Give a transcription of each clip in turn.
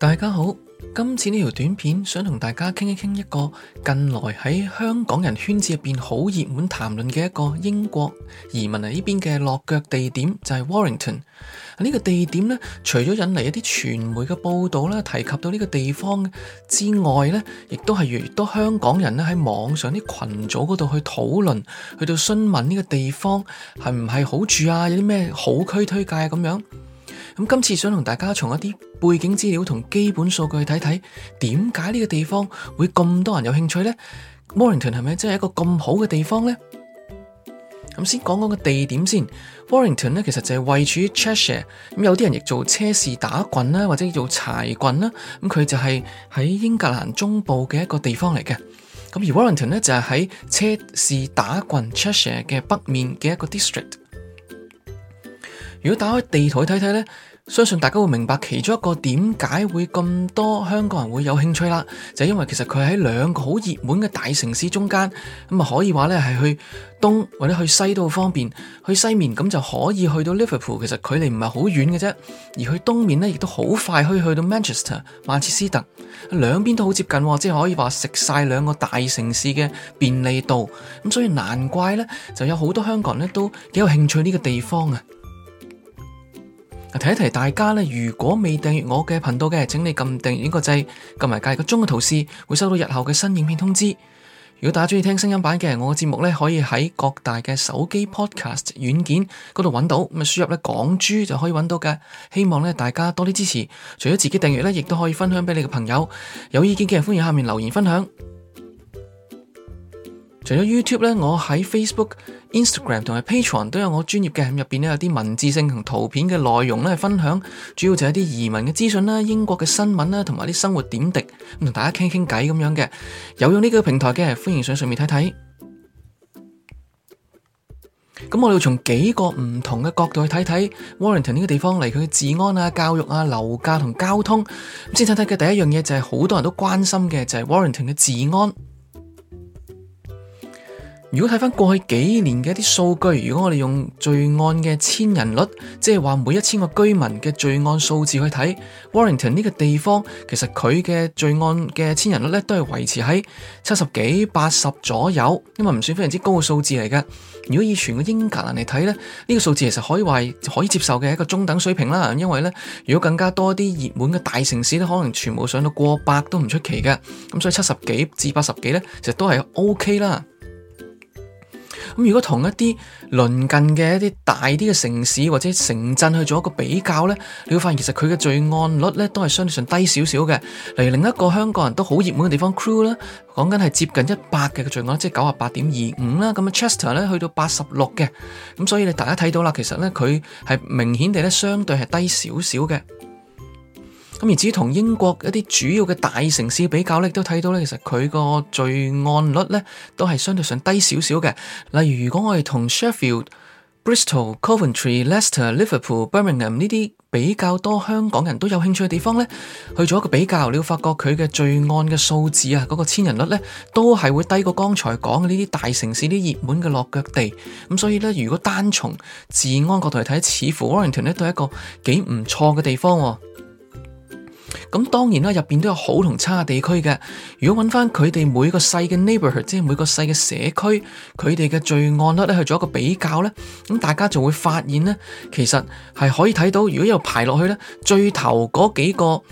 大家好，今次呢條短片想同大家傾一傾一個近來喺香港人圈子入邊好熱門談論嘅一個英國移民啊呢邊嘅落腳地點就係 Warrington。呢、呢個地點呢，除咗引嚟一啲傳媒嘅報道啦，提及到呢個地方之外呢，亦都係越嚟越多香港人呢喺網上啲群組嗰度去討論，去到詢問呢個地方係唔係好住啊，有啲咩好區推介啊咁樣。咁今次想同大家從一啲背景資料同基本數據去睇睇，點解呢個地方會咁多人有興趣呢？Warrington 係咪真係一個咁好嘅地方呢？咁先講講個地點先。Warrington 呢其實就係位處於 Cheshire，咁有啲人亦做車士打郡啦，或者叫做柴郡啦。咁佢就係喺英格蘭中部嘅一個地方嚟嘅。咁而 Warrington 呢，就係喺車士打郡 Cheshire 嘅北面嘅一個 district。如果打開地圖睇睇呢。相信大家會明白其中一個點解會咁多香港人會有興趣啦，就因為其實佢喺兩個好熱門嘅大城市中間，咁啊可以話呢係去東或者去西都好方便，去西面咁就可以去到 Liverpool，其實距離唔係好遠嘅啫，而去東面呢，亦都好快可以去到 Manchester 曼徹斯特，兩邊都好接近，即係可以話食晒兩個大城市嘅便利度，咁所以難怪呢，就有好多香港人呢都幾有興趣呢個地方啊！提一提大家呢，如果未訂閱我嘅頻道嘅，請你撳訂閱個掣，撳埋隔一個的鐘嘅圖示，會收到日後嘅新影片通知。如果大家中意聽聲音版嘅我嘅節目可以喺各大嘅手機 Podcast 軟件嗰度揾到，咁輸入呢港珠就可以揾到嘅。希望大家多啲支持，除咗自己訂閱呢亦都可以分享俾你嘅朋友。有意見嘅人，歡迎下面留言分享。除咗 YouTube 咧，我喺 Facebook、Instagram 同埋 Patreon 都有我專業嘅，入邊呢有啲文字性同圖片嘅內容咧分享，主要就係一啲移民嘅資訊啦、英國嘅新聞啦，同埋啲生活點滴，咁同大家傾傾偈咁樣嘅。有用呢個平台嘅，歡迎上上面睇睇。咁我哋要從幾個唔同嘅角度去睇睇 Warrington 呢個地方，嚟佢嘅治安啊、教育啊、樓價同交通。咁先睇睇嘅第一樣嘢就係好多人都關心嘅，就係 Warrington 嘅治安。如果睇返過去幾年嘅一啲數據，如果我哋用罪案嘅千人率，即係話每一千個居民嘅罪案數字去睇，Warrington 呢個地方其實佢嘅罪案嘅千人率呢都係維持喺七十幾八十左右，因為唔算非常之高嘅數字嚟㗎。如果以全個英格蘭嚟睇呢，呢、呢個數字其實可以話可以接受嘅一個中等水平啦。因為呢，如果更加多一啲熱門嘅大城市呢，可能全部上到過百都唔出奇㗎。咁所以七十幾至八十幾呢，其實都係 OK 啦。咁如果同一啲鄰近嘅一啲大啲嘅城市或者城鎮去做一個比較呢，你會發現其實佢嘅罪案率呢都係相對上低少少嘅。例如另一個香港人都好熱門嘅地方 Crewe 啦，講緊係接近一百嘅罪案，即係九啊八點二五啦。咁啊 Chester 呢去到八十六嘅，咁所以你大家睇到啦，其實呢佢係明顯地呢相對係低少少嘅。咁而至於同英國一啲主要嘅大城市比較呢都睇到呢，其實佢個罪案率呢都係相對上低少少嘅。例如，如果我哋同 Sheffield、Bristol、Coventry、Leicester、Liverpool、Birmingham 呢啲比較多香港人都有興趣嘅地方呢去做一個比較，你會發覺佢嘅罪案嘅數字啊，嗰個千人率呢都係會低過剛才講嘅呢啲大城市啲熱門嘅落腳地。咁所以呢，如果單從治安角度嚟睇，似乎 Warrington 呢都係一個幾唔錯嘅地方喎。咁當然啦，入面都有好同差地區嘅。如果揾翻佢哋每個細嘅 neighborhood，即係每個細嘅社區，佢哋嘅罪案率咧去做一個比較咧，咁大家就會發現咧，其實係可以睇到，如果有排落去咧，最頭嗰幾個。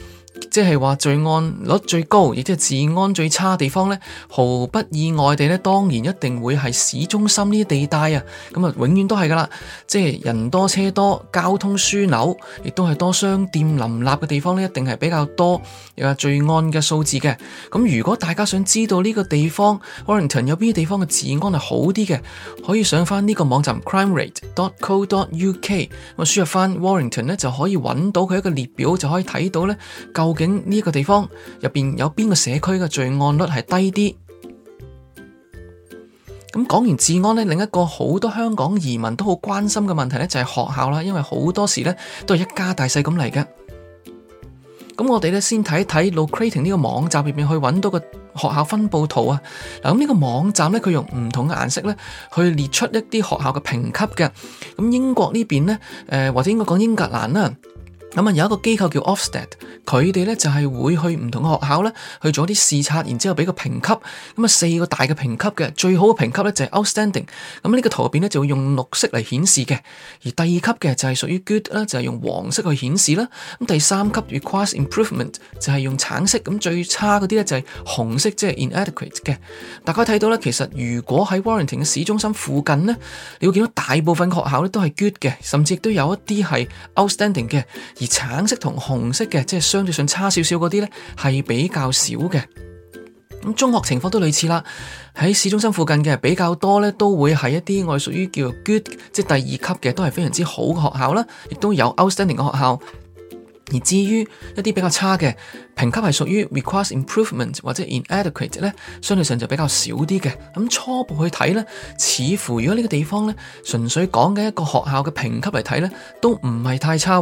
即係話罪案率最高，亦即係治安最差地方呢，毫不意外地呢，當然一定會係市中心呢啲地帶啊！咁啊，永遠都係噶啦，即係人多車多，交通樞紐，亦都係多商店林立嘅地方呢，一定係比較多啊有罪案嘅數字嘅。咁如果大家想知道呢個地方 Warrington, Warrington 有邊啲地方嘅治安係好啲嘅，可以上翻呢個網站 crimerate.co.uk，我輸入翻 Warrington 呢，就可以揾到佢一個列表，就可以睇到呢。究竟呢一個地方入邊有邊個社區嘅罪案率係低啲？咁講完治安呢，另一個好多香港移民都好關心嘅問題呢，就係學校啦。因為好多時呢，都係一家大細咁嚟嘅。咁我哋呢，先睇一睇 Locrating 呢個網站入面去揾到個學校分佈圖啊。嗱，咁呢個網站呢，佢用唔同嘅顏色呢去列出一啲學校嘅評級嘅。咁英國呢邊呢，誒，或者應該講英格蘭啦。咁有一個機構叫 Ofsted，f 佢哋咧就係會去唔同嘅學校咧，去做啲視察，然之後俾個評級。咁啊，四個大嘅評級嘅，最好嘅評級咧就係 Outstanding。咁呢個圖入邊咧就會用綠色嚟顯示嘅，而第二級嘅就係屬於 Good 啦，就係用黃色去顯示啦。咁第三級 Request Improvement 就係用橙色，咁最差嗰啲咧就係紅色，即係 Inadequate 嘅。大家睇到咧，其實如果喺 Warrington 嘅市中心附近咧，你會見到大部分學校咧都係 Good 嘅，甚至都有一啲係 Outstanding 嘅。而橙色同紅色嘅，即係相對上差少少嗰啲呢，係比較少嘅。咁中學情況都類似啦，喺市中心附近嘅比較多呢，都會係一啲我哋屬於叫做 good，即係第二級嘅，都係非常之好嘅學校啦。亦都有 outstanding 嘅學校。而至於一啲比較差嘅評級，係屬於 require improvement 或者 inadequate 呢，相對上就比較少啲嘅。咁初步去睇呢，似乎如果呢個地方呢，純粹講緊一個學校嘅評級嚟睇呢，都唔係太差。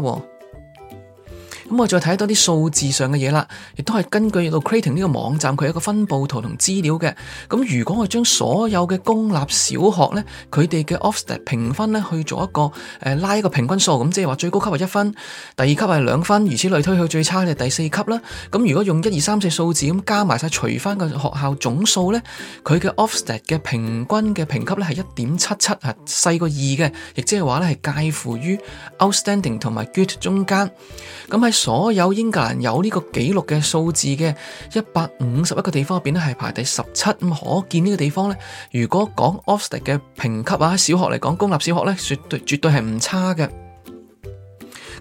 咁我再睇多啲數字上嘅嘢啦，亦都係根據到 Creating 呢個網站佢一個分佈圖同資料嘅。咁如果我將所有嘅公立小學呢，佢哋嘅 Ofsted 評分呢，去做一個拉一個平均數，咁即係話最高級係一分，第二級係兩分，如此類推去最差嘅第四級啦。咁如果用一二三四數字咁加埋晒，除翻個學校總數呢，佢嘅 Ofsted 嘅平均嘅評級呢係一點七七啊，係細過二嘅，亦即係話呢係介乎於 Outstanding 同埋 Good 中間。咁喺所有英格蘭有呢個紀錄嘅數字嘅一百五十一個地方入邊咧，係排第十七。咁，可見呢個地方咧，如果講 Ofsted 嘅評級啊，小學嚟講公立小學咧，絕對絕對係唔差嘅。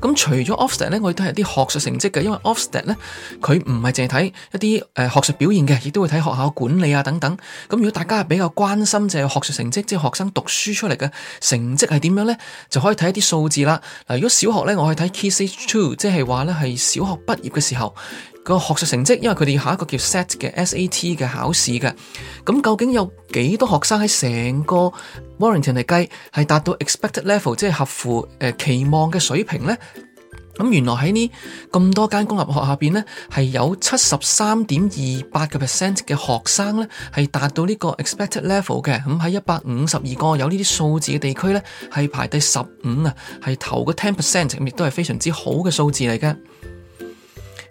咁除咗 Ofsted 咧，我哋都係啲學術成績嘅，因為 Ofsted 咧佢唔係淨係睇一啲誒學術表現嘅，亦都會睇學校管理啊等等。咁如果大家係比較關心就係學術成績，即係學生讀書出嚟嘅成績係點樣咧，就可以睇一啲數字啦。嗱，如果小學咧，我去睇 Key Stage Two，即係話咧，係小學畢業嘅時候。個學術成績，因為佢哋下一個叫 SAT 嘅 SAT 嘅考試嘅，咁究竟有幾多學生喺成個 Warrington 嚟計係達到 expected level，即係合乎，呃、期望嘅水平呢？咁原來喺呢咁多間公立學校入邊呢，係有七十三點二八嘅 percent 嘅學生呢，係達到呢個 expected level 嘅。咁喺一百五十二個有呢啲數字嘅地區呢，係排第十五啊，係頭個 ten percent，亦都係非常之好嘅數字嚟嘅。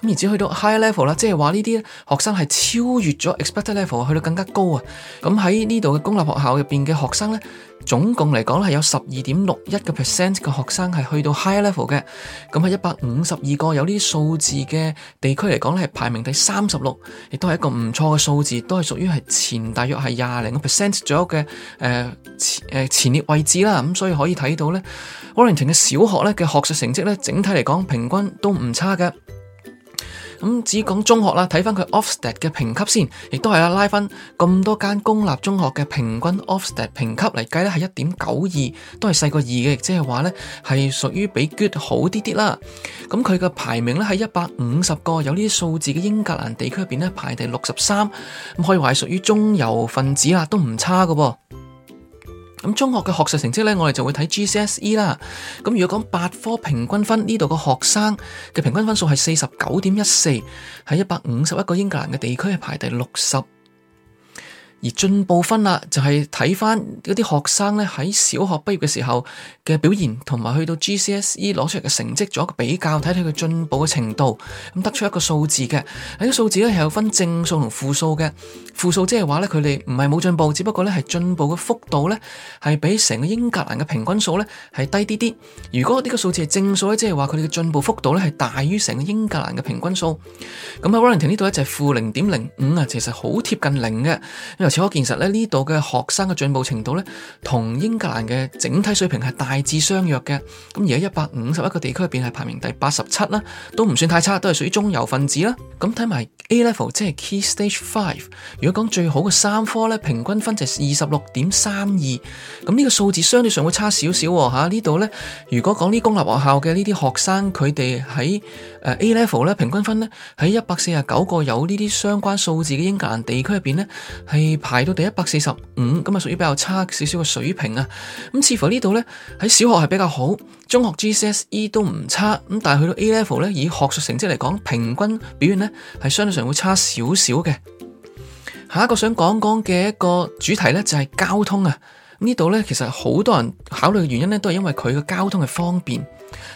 而只去到 high level 啦，即係話呢啲學生係超越咗 expected level 去到更加高啊！咁喺呢度嘅公立學校入邊嘅學生呢，總共嚟講係係有十二點六一嘅 percent 嘅學生係去到 high level 嘅。咁喺一百五十二個有呢啲數字嘅地區嚟講呢係排名第三十六，亦都係一個唔錯嘅數字，都係屬於係前大約係廿零個 percent 左右嘅，誒、呃、前，前列位置啦。咁所以可以睇到呢，Warrington 嘅小學呢嘅學術成績呢，整體嚟講平均都唔差嘅。咁只講中學啦，睇翻佢 Ofsted 嘅評級先，亦都係啊拉返咁多間公立中學嘅平均 Ofsted 評級嚟計咧，係一點九二，都係細過二嘅，亦即係話咧係屬於比 good 好啲啲啦。咁佢嘅排名咧喺一百五十個有呢啲數字嘅英格蘭地區入邊咧排第六十三，可以話係屬於中游分子啊，都唔差噶。咁中學嘅學術成績咧，我哋就會睇 GCSE 啦。咁如果講八科平均分，呢度嘅學生嘅平均分數係四十九點一四，喺一百五十一個英格蘭嘅地區係排第六十。而進步分啦，就係睇翻嗰啲學生咧喺小學畢業嘅時候嘅表現，同埋去到 GCSE 攞出嚟嘅成績做一個比較，睇睇佢進步嘅程度，咁得出一個數字嘅。呢個數字咧係有分正數同負數嘅。負數即係話咧佢哋唔係冇進步，只不過咧係進步嘅幅度咧係比成個英格蘭嘅平均數咧係低啲啲。如果呢個數字係正數咧，即係話佢哋嘅進步幅度咧係大於成個英格蘭嘅平均數。咁喺 Warrington 呢度咧就係負零點零五啊，其實好貼近零嘅，因為其實呢度嘅學生嘅進步程度呢，同英格蘭嘅整體水平係大致相若嘅。咁而家一百五十一個地區入邊係排名第八十七啦，都唔算太差，都係屬於中游分子啦。咁睇埋 A level 即係 Key Stage Five，如果講最好嘅三科呢，平均分就二十六點三二。咁呢個數字相對上會差少少吓。呢度呢，如果講啲公立學校嘅呢啲學生，佢哋喺 A level 呢，平均分呢，喺一百四十九個有呢啲相關數字嘅英格蘭地區入邊呢，係。排到第一百四十五，咁啊屬於比較差少少嘅水平啊。咁似乎呢度呢，喺小學係比較好，中學 G C S E 都唔差，咁但係去到 A Level 呢，以學術成績嚟講，平均表現呢係相對上會差少少嘅。下一個想講講嘅一個主題呢，就係交通啊。呢度呢，其實好多人考慮嘅原因呢，都係因為佢嘅交通係方便。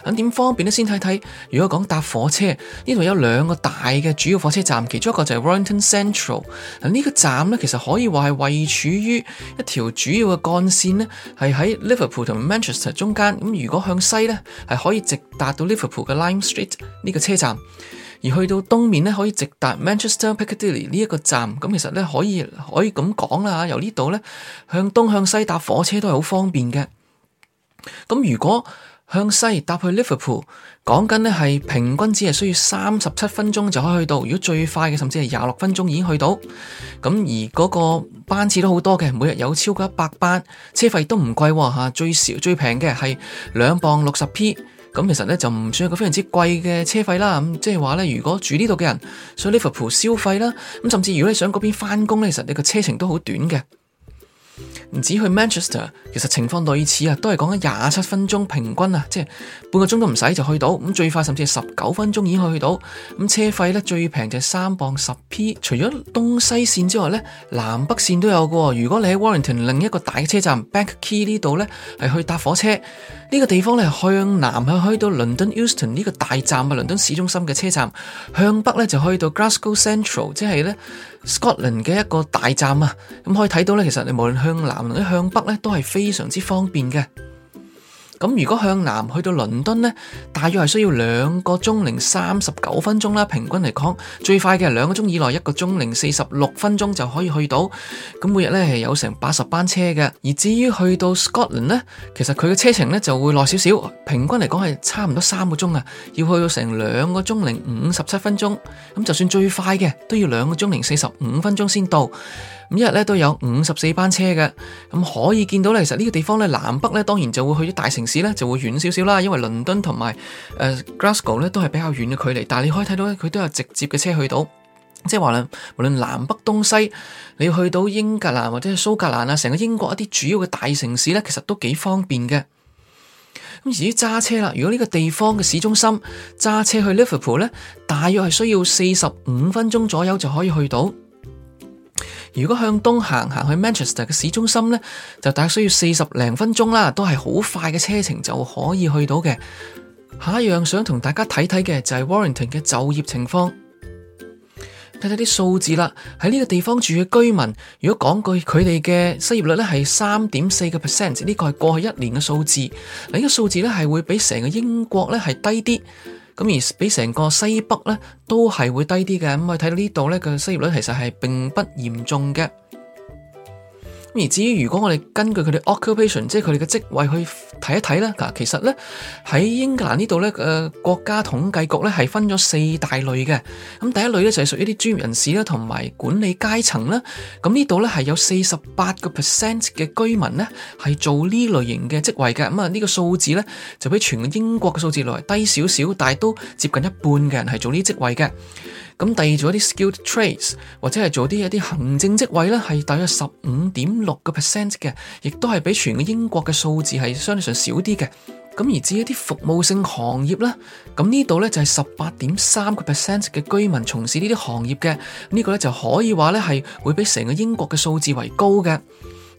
咁點方便呢？先睇睇，如果講搭火車，呢度有兩個大嘅主要火車站，其中一個就係 Warrington Central。嗱，呢個站呢，其實可以話係位處於一條主要嘅幹線呢，係喺 Liverpool 同 Manchester 中間。咁如果向西呢，係可以直達到 Liverpool 嘅 Lime Street 呢個車站；而去到東面呢，可以直達 Manchester Piccadilly 呢一個站。咁其實呢，可以可以咁講啦，由呢度呢，向東向西搭火車都係好方便嘅。咁如果向西搭去 Liverpool，講緊咧係平均只係需要三十七分鐘就可以去到，如果最快嘅甚至係廿六分鐘已經去到。咁而嗰個班次都好多嘅，每日有超過一百班，車費都唔貴吓，最少最平嘅係兩磅六十 p。咁其實咧就唔算一個非常之貴嘅車費啦。咁即係話咧，如果住呢度嘅人，所以 Liverpool 消費啦，咁甚至如果你想嗰邊翻工，咧其實你個車程都好短嘅。唔止去 Manchester，其實情況類似啊，都係講緊廿七分鐘平均啊，即係半個鐘都唔使就去到，咁最快甚至係十九分鐘已經去到。咁車費呢，最平就三磅十 p。除咗東西線之外呢，南北線都有噶。如果你喺 w a r r e n t o n 另一個大車站 Bank k e y 呢度呢，係去搭火車呢，這個地方呢，向南係可以到倫敦 Euston 呢個大站啊，倫敦市中心嘅車站；向北呢，就去到 Glasgow Central，即係呢 Scotland 嘅一個大站啊。咁可以睇到呢，其實你無論去。向南或者向北咧，都係非常之方便嘅。咁如果向南去到倫敦呢，大約係需要兩個鐘零三十九分鐘啦。平均嚟講，最快嘅兩個鐘以內，一個鐘零四十六分鐘就可以去到。咁每日呢係有成八十班車嘅。而至於去到 Scotland 呢，其實佢嘅車程呢就會耐少少。平均嚟講係差唔多三個鐘啊，要去到成兩個鐘零五十七分鐘。咁就算最快嘅都要兩個鐘零四十五分鐘先到。咁一日咧都有五十四班車嘅，咁可以見到咧，其實呢個地方咧南北咧當然就會去啲大城市咧就會遠少少啦，因為倫敦同埋誒 Glasgow 咧都係比較遠嘅距離，但係你可以睇到咧，佢都有直接嘅車去到，即係話咧無論南北東西，你要去到英格蘭或者係蘇格蘭啊，成個英國一啲主要嘅大城市咧，其實都幾方便嘅。咁至於揸車啦，如果呢個地方嘅市中心揸車去 Liverpool，大約係需要四十五分鐘左右就可以去到。如果向東行行去 Manchester 嘅市中心呢，就大約需要四十零分鐘啦，都係好快嘅車程就可以去到嘅。下一樣想同大家睇睇嘅就係 Warrington 嘅就業情況，睇睇啲數字啦。喺呢個地方住嘅居民，如果講句佢哋嘅失業率呢係三點四個 percent，呢個係過去一年嘅數字。嗱，呢個數字呢係會比成個英國呢係低啲。咁而比成個西北咧，都係會低啲嘅。咁我睇到呢度咧，佢嘅失業率其實係並不嚴重嘅。而至於如果我哋根據佢哋 occupation，即係佢哋嘅職位去睇一睇啦。嗱，其實咧喺英格蘭呢度咧，誒國家統計局咧係分咗四大類嘅。咁第一類咧就係屬於啲專業人士啦，同埋管理階層啦。咁呢度咧係有四十八個 percent 嘅居民咧係做呢類型嘅職位嘅。咁啊，呢個數字咧就比全英國嘅數字來低少少，但係都接近一半嘅人係做呢職位嘅。咁第二做一啲 skilled trades 或者係做啲一啲行政職位咧，係大約十五點六個 percent 嘅，亦都係比全個英國嘅數字係相對上少啲嘅。咁而至於一啲服務性行業咧，咁呢度咧就係十八點三個 percent 嘅居民從事呢啲行業嘅，呢個咧就可以話咧係會比成個英國嘅數字為高嘅。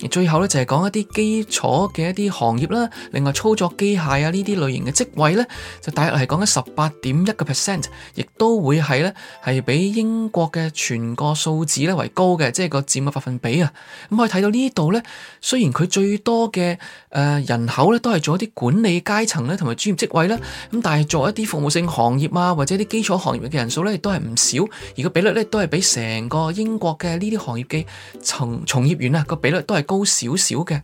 最後咧就係講一啲基礎嘅一啲行業啦，另外操作機械啊呢啲類型嘅職位咧，就大約嚟講緊十八點一個 percent，亦都會係咧係比英國嘅全個數字咧為高嘅，即係個佔嘅百分比啊。咁可以睇到呢度咧，雖然佢最多嘅人口咧都係做一啲管理階層咧同埋專業職位啦，咁但係做一啲服務性行業啊或者啲基礎行業嘅人數咧都係唔少，而個比率咧都係比成個英國嘅呢啲行業嘅從從業員啊個比率都係高少少嘅，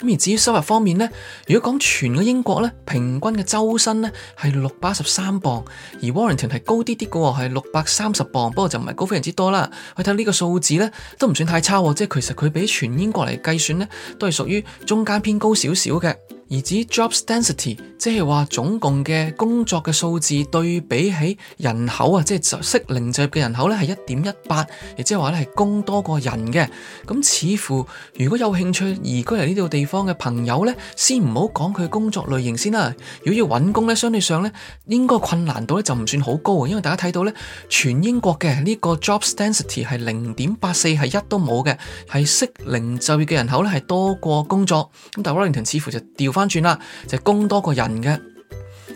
咁而至於收入方面呢，如果講全個英國呢，平均嘅周薪呢係六百一十三鎊，而 Warrington 係高啲啲嘅，係六百三十鎊，不過就唔係高非常之多啦。去睇呢個數字呢，都唔算太差，即係其實佢比全英國嚟計算呢，都係屬於中間偏高少少嘅。而指 jobs density，即係話總共嘅工作嘅數字對比起人口啊，即係適齡就業嘅人口咧係一點一八，亦即係話咧係工多過人嘅。咁似乎如果有興趣移居嚟呢度地方嘅朋友咧，先唔好講佢工作類型先啦。如果要揾工咧，相對上咧應該困難度咧就唔算好高啊，因為大家睇到咧全英國嘅呢個 jobs density 係零點八四，係一都冇嘅，係適齡就業嘅人口咧係多過工作。咁但係 Warrington 似乎就調翻。翻轉啦，就是、供多個人嘅。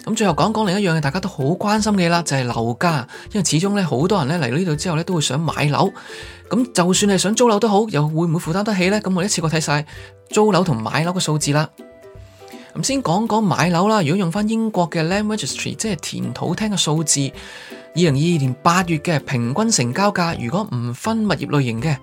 咁最後講講另一樣嘅，大家都好關心嘅嘢啦，就係、是、樓價。因為始終呢，好多人呢嚟到呢度之後呢，都會想買樓。咁就算係想租樓都好，又會唔會負擔得起呢？咁我一次過睇晒租樓同買樓嘅數字啦。咁先講講買樓啦。如果用翻英國嘅 Land Registry，即係田土廳嘅數字，二零二二年八月嘅平均成交價，如果唔分物業類型嘅。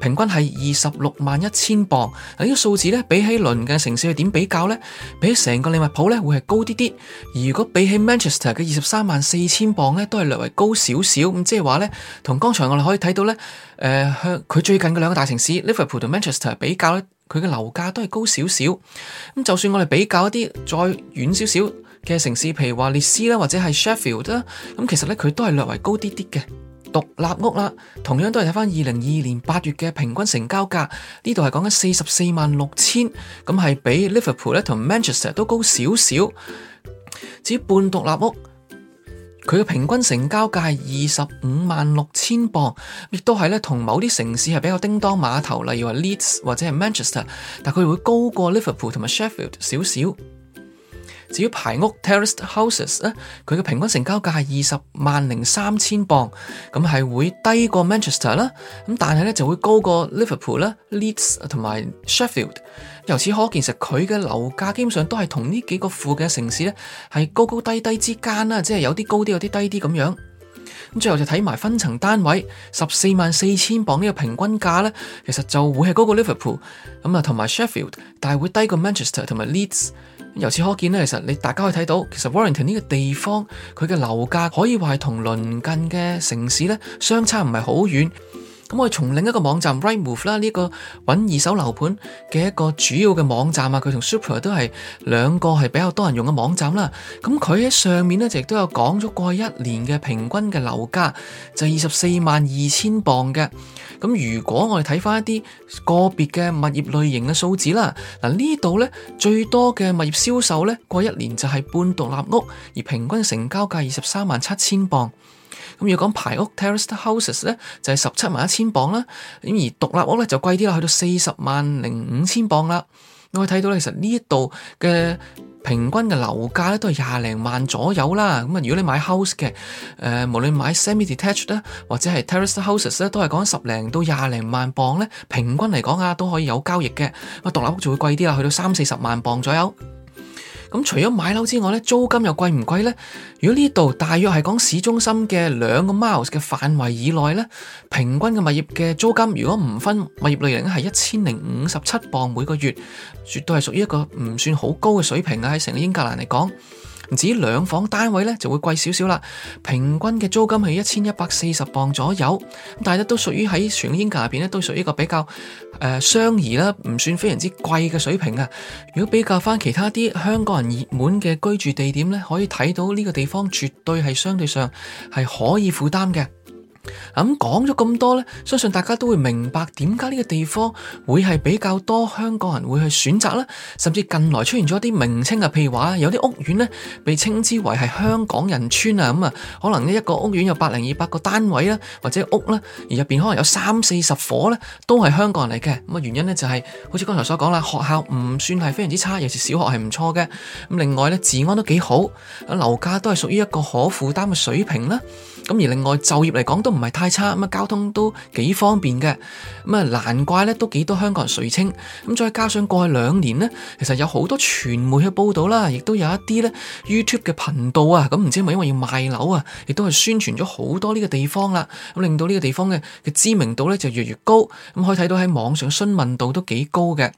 平均係二十六萬一千磅，嗱，呢個數字呢，比起鄰近城市去點比較呢？比起成個利物浦呢，會係高啲啲。而如果比起 Manchester 嘅二十三萬四千磅呢，都係略為高少少。咁即係話呢，同剛才我哋可以睇到呢，誒向佢最近嘅兩個大城市 Liverpool 同 Manchester 比較呢，佢嘅樓價都係高少少。咁就算我哋比較一啲再遠少少嘅城市，譬如話列斯啦，或者係 Sheffield 啦，咁其實呢，佢都係略為高啲啲嘅。獨立屋啦，同樣都係睇翻二零二二年八月嘅平均成交價，呢度係講緊四十四萬六千，咁係比 Liverpool 咧同 Manchester 都高少少。至於半獨立屋，佢嘅平均成交價係二十五萬六千磅，亦都係咧同某啲城市係比較叮噹碼頭，例如話 Leeds 或者係 Manchester，但佢會高過 Liverpool 同埋 Sheffield 少少。至於排屋 terraced houses 咧，佢嘅平均成交價係二十萬零三千磅，咁係會低過 Manchester 啦，咁但係咧就會高過 Liverpool 啦、Leeds 同埋 Sheffield。由此可見，其實佢嘅樓價基本上都係同呢幾個附近嘅城市咧，係高高低低之間啦，即係有啲高啲，有啲低啲咁樣。咁最後就睇埋分層單位十四萬四千磅呢個平均價咧，其實就會係高過 Liverpool 咁啊，同埋 Sheffield，但係會低過 Manchester 同埋 Leeds。由此可見呢，其實你大家可以睇到，其實 Warrington 呢個地方，佢嘅樓價可以話係同鄰近嘅城市呢，相差唔係好遠。咁我哋從另一個網站 Rightmove 啦，呢個搵二手樓盤嘅一個主要嘅網站啊，佢同 Super 都係兩個係比較多人用嘅網站啦。咁佢喺上面咧，就亦都有講咗過去一年嘅平均嘅樓價就二十四萬二千鎊嘅。咁如果我哋睇翻一啲個別嘅物業類型嘅數字啦，嗱呢度咧最多嘅物業銷售咧過一年就係半獨立屋，而平均成交價二十三萬七千鎊。咁要講排屋 terraced houses 咧，就係十七萬一千磅啦。咁而獨立屋咧就貴啲啦，去到四十萬零五千磅啦。我可以睇到咧，其實呢一度嘅平均嘅樓價咧都係廿零萬左右啦。咁啊，如果你買 house 嘅，誒、呃、無論買 semi detached 咧，或者係 terraced houses 咧，都係講十零到廿零萬磅咧，平均嚟講啊，都可以有交易嘅。獨立屋就會貴啲啦，去到三四十萬磅左右。咁除咗買樓之外咧，租金又貴唔貴呢？如果呢度大約係講市中心嘅兩個 miles 嘅範圍以內咧，平均嘅物業嘅租金，如果唔分物業類型係一千零五十七磅每個月，絕對係屬於一個唔算好高嘅水平啊！喺成個英格蘭嚟講。唔止兩房單位呢就會貴少少啦。平均嘅租金係一千一百四十鎊左右，但係都屬於喺全英國入邊咧，都屬於一個比較誒、呃、相宜啦，唔算非常之貴嘅水平啊。如果比較翻其他啲香港人熱門嘅居住地點呢，可以睇到呢個地方絕對係相對上係可以負擔嘅。咁講咗咁多呢，相信大家都會明白點解呢個地方會係比較多香港人會去選擇啦。甚至近來出現咗一啲名稱嘅，譬如話，有啲屋苑呢被稱之為係香港人村啊。咁啊，可能呢一個屋苑有百零二百個單位啦，或者屋啦，而入邊可能有三四十伙呢都係香港人嚟嘅。咁啊，原因呢就係、是，好似剛才所講啦，學校唔算係非常之差，尤其小學係唔錯嘅。咁另外呢，治安都幾好，樓價都係屬於一個可負擔嘅水平啦。咁而另外就業嚟講都。唔係太差，咁啊交通都幾方便嘅，咁啊難怪咧都幾多香港人垂青，咁再加上過去兩年咧，其實有好多傳媒去報道啦，亦都有一啲咧 YouTube 嘅頻道啊，咁唔知係咪因為要賣樓啊，亦都係宣傳咗好多呢個地方啦，咁令到呢個地方嘅嘅知名度咧就越嚟越高，咁可以睇到喺網上詢問度都幾高嘅。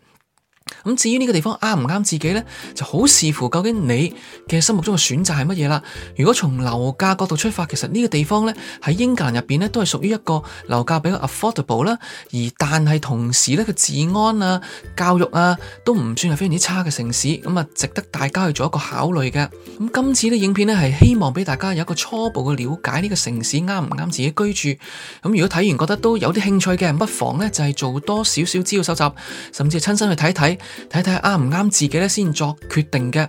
咁至於呢個地方啱唔啱自己呢？就好視乎究竟你嘅心目中嘅選擇係乜嘢啦。如果從樓價角度出發，其實呢個地方呢，喺英格蘭入邊呢都係屬於一個樓價比較 affordable 啦。而但係同時呢，個治安啊、教育啊都唔算係非常之差嘅城市，咁啊值得大家去做一個考慮嘅。咁今次呢影片呢，係希望俾大家有一個初步嘅了解呢個城市啱唔啱自己居住。咁如果睇完覺得都有啲興趣嘅人，不妨呢就係做多少少資料收集，甚至親身去睇睇。睇睇啱唔啱自己咧，先作決定嘅。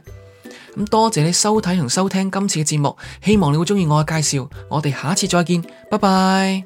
咁多謝你收睇同收聽今次嘅節目，希望你會中意我嘅介紹。我哋下次再見，拜拜。